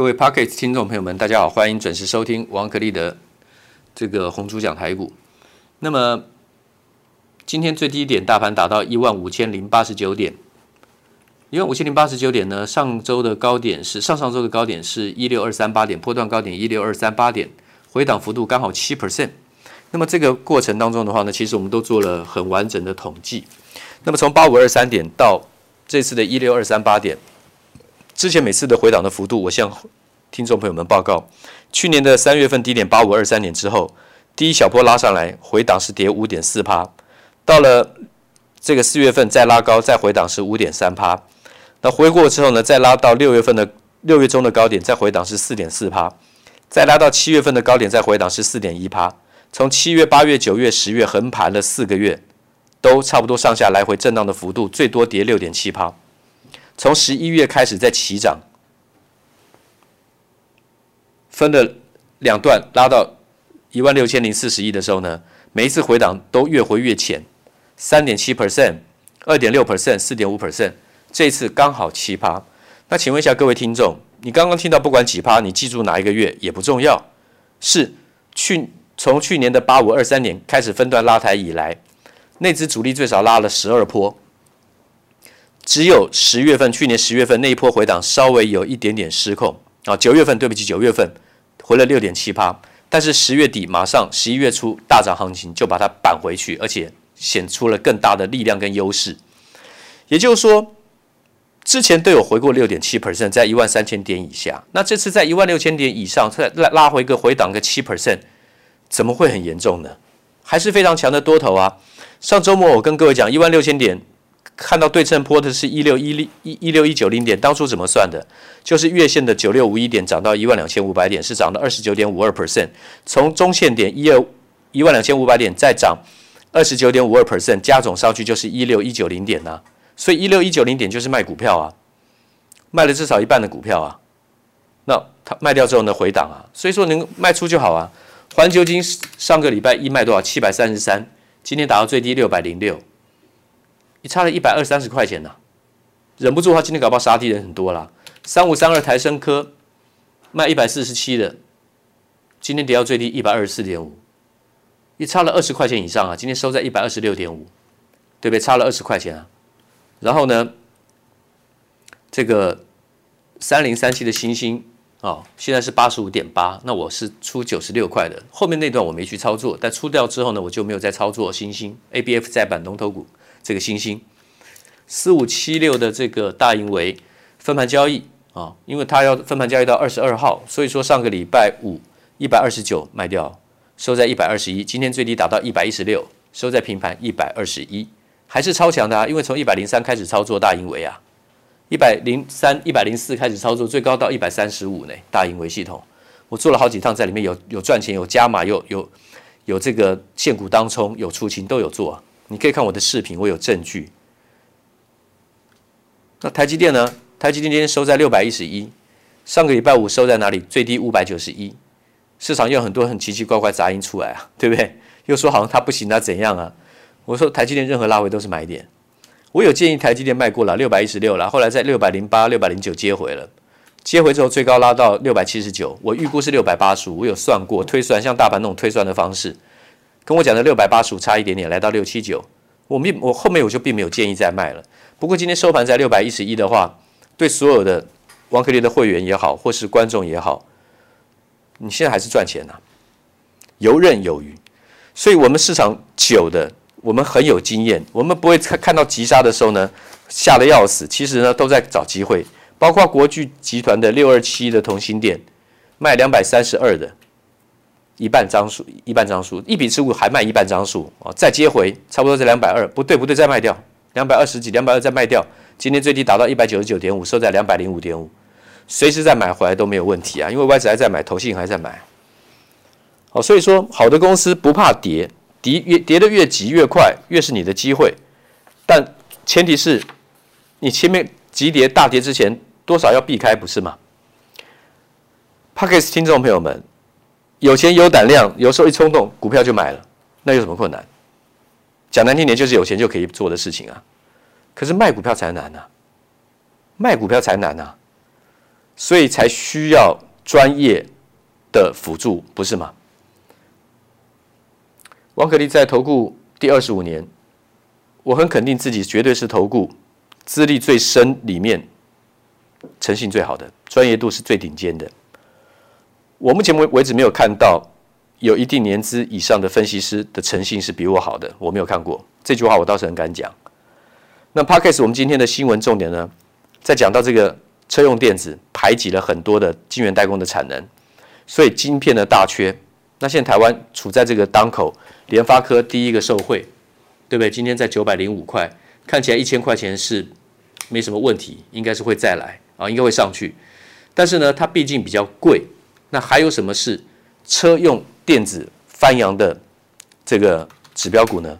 各位 Pocket 聽眾朋友們，大家好，歡迎準時收聽王可立的這個紅豬講台股。那麼今天最低點大盤達到一萬五千零八十九點，一萬五千零八十九點呢，上周的高點是，上上周的高點是一六二三八點，波段高點一六二三八點，回檔幅度剛好七 percent。那麼這個過程當中的話呢，其實我們都做了很完整的統計。那麼從八五二三點到這次的一六二三八點。之前每次的回檔的幅度，我向聽眾朋友們報告，去年的三月份低點八五二三點之後，第一小波拉上來回檔是跌五點四趴，到了這個四月份再拉高再回檔是五點三趴，那回過之後呢，再拉到六月份的六月中的高點再回檔是四點四趴，再拉到七月份的高點再回檔是四點一趴，從七月八月九月十月橫盤了四個月，都差不多上下來回震盪的幅度最多跌六點七趴。從十一月開始在起漲，分了兩段拉到一萬六千零四十一的時候呢，每一次回檔都越回越淺，三點七 percent、二點六 percent、四點五 percent，這次剛好七趴。那請問一下各位聽眾，你剛剛聽到不管幾趴，你記住哪一個月也不重要，是去從去年的八五二三年開始分段拉抬以來，那只主力最少拉了十二波。只有十月份，去年十月份那一波回檔稍微有一點點失控啊。九月份，對不起，九月份回了六點七 percent，但是十月底馬上十一月初大漲行情就把它扳回去，而且顯出了更大的力量跟優勢。也就是說，之前都有回過六點七 percent 在一萬三千點以下，那這次在一萬六千點以上再拉，拉回個回檔個七 percent，怎麼會很嚴重呢？還是非常強的多頭啊。上周末我跟各位講一萬六千點。看到對稱波的是一六一六一一六一九零點，當初怎麼算的？就是月線的九六五一點漲到一萬兩千五百點，是漲到二十九點五二 percent。從中線點一二一萬兩千五百點再漲二十九點五二 percent，加總上去就是一六一九零點吶、啊。所以一六一九零點就是賣股票啊，賣了至少一半的股票啊。那他賣掉之後呢，回檔啊，所以說能賣出就好啊。環球晶上個禮拜一賣多少？七百三十三，今天達到最低六百零六。你差了一百二三十塊錢吶、啊，忍不住的話，今天搞不好殺低人很多啦。三五三二台勝科賣一百四十七的，今天跌到最低一百二十四點五，你差了二十塊錢以上啊！今天收在一百二十六點五，對不對？差了二十塊錢啊。然後呢，這個三零三七的欣興哦，現在是八十五點八，那我是出九十六塊的。後面那段我沒去操作，但出掉之後呢，我就沒有再操作欣興 ABF 載板龍頭股。這個星星，四五七六的這個大銀微分盤交易啊，因為它要分盤交易到二十二號，所以說上個禮拜五一百二十九賣掉，收在一百二十一，今天最低打到一百一十六，收在平盤一百二十一，還是超強的、啊，因為從一百零三開始操作大銀微啊，一百零三一百零四開始操作，最高到一百三十五呢，大銀微系統我做了好幾趟在裡面有有賺錢，有加碼，有有有這個現股當沖，有出清都有做、啊。你可以看我的視頻，我有證據。那台積電呢？台積電今天收在六百一十一，上個禮拜五收在哪裡？最低五百九十一。市場又有很多很奇奇怪怪雜音出來啊，對不對？又說好像它不行，它怎樣啊？我說台積電任何拉回都是買點。我有建議台積電賣過了六百一十六了，後來在六百零八、六百零九接回了，接回之後最高拉到六百七十九，我預估是六百八十五，我有算過推算，像大盤那種推算的方式。跟我講的六百八十五差一點點，來到六七九，我並我後面我就並沒有建議再賣了。不過今天收盤在六百一十一的話，對所有的王可立的會員也好，或是觀眾也好，你現在還是賺錢吶、啊，游刃有餘。所以，我們市場久的，我們很有經驗，我們不會看看到急殺的時候呢，嚇得要死。其實呢，都在找機會，包括國巨集團的六二七的同欣電，賣兩百三十二的。一半張數，一半張數，一筆持股還賣一半張數哦，再接回差不多在兩百二，不對不對，再賣掉兩百二十幾，兩百二再賣掉，今天最低達到一百九十九點五，收在兩百零五點五，隨時再買回來都沒有問題啊！因為外資還在買，投信還在買，哦，所以說好的公司不怕跌，跌越跌得越急越快，越是你的機會，但前提是，你前面急跌大跌之前多少要避開，不是嗎？Parkers 聽眾朋友們。有錢有膽量，有時候一衝動，股票就買了，那有什麼困難？講難聽點，就是有錢就可以做的事情啊。可是賣股票才難啊，賣股票才難啊。所以才需要專業的輔助，不是嗎？王可立在投顧第二十五年，我很肯定自己絕對是投顧資歷最深、裡面誠信最好的、專業度是最頂尖的。我目前為止沒有看到有一定年資以上的分析師的誠信是比我好的，我沒有看過這句話，我倒是很敢講。那帕克斯我們今天的新聞重點呢，在講到這個車用電子排擠了很多的晶圓代工的產能，所以晶片的大缺。那現在台灣處在這個當口，聯發科第一個受惠，對不對？今天在九百零五塊，看起來一千塊錢是沒什麼問題，應該是會再來啊，應該會上去。但是呢，它畢竟比較貴。那還有什麼是車用電子翻揚的這個指標股呢？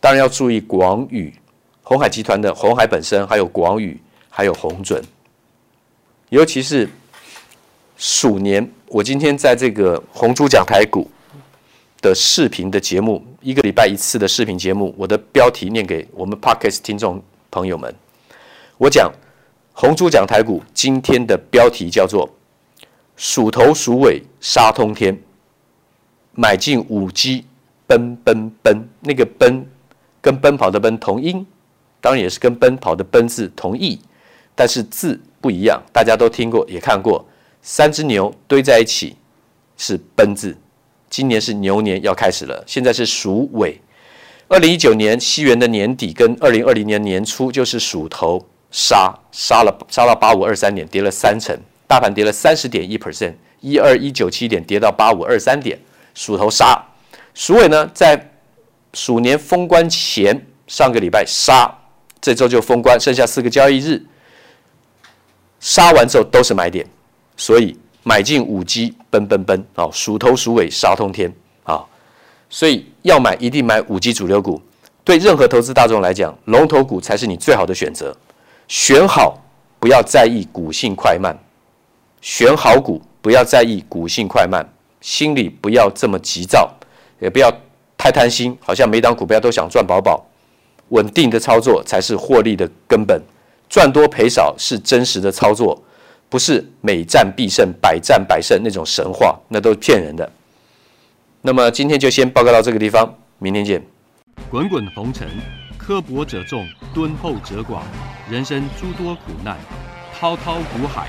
當然要注意廣宇、鴻海集團的鴻海本身，還有廣宇，還有鴻準。尤其是鼠年，我今天在這個紅豬講台股的視頻的節目，一個禮拜一次的視頻節目，我的標題念給我們 Podcast 聽眾朋友們，我講紅豬講台股今天的標題叫做。鼠頭鼠尾殺通天，買進五 G 奔奔奔。那個奔跟奔跑的奔同音，當然也是跟奔跑的奔字同義，但是字不一樣，大家都聽過也看過，三只牛堆在一起是奔字。今年是牛年要開始了，現在是鼠尾，二零一九年西元的年底跟二零二零年年初就是鼠頭殺殺了殺了八五二三點跌了三成。大盤跌了三十點一 percent，一二一九七點跌到八五二三點，鼠頭殺，鼠尾呢？在鼠年封關前，上個禮拜殺，這周就封關，剩下四個交易日殺完之後都是買點，所以買進五 G 奔奔奔啊，鼠頭鼠尾殺通天啊、哦，所以要買一定買五 G 主流股，對任何投資大眾來講，龍頭股才是你最好的選擇。選好不要在意股性快慢。選好股，不要在意股性快慢，心裡不要這麼急躁，也不要太貪心，好像每檔股票都想賺飽飽。穩定的操作才是獲利的根本，賺多賠少是真實的操作，不是每戰必勝、百戰百勝那種神話，那都是騙人的。那麼今天就先報告到這個地方，明天見。滾滾紅塵，刻薄者眾，敦厚者寡，人生諸多苦難，滔滔苦海。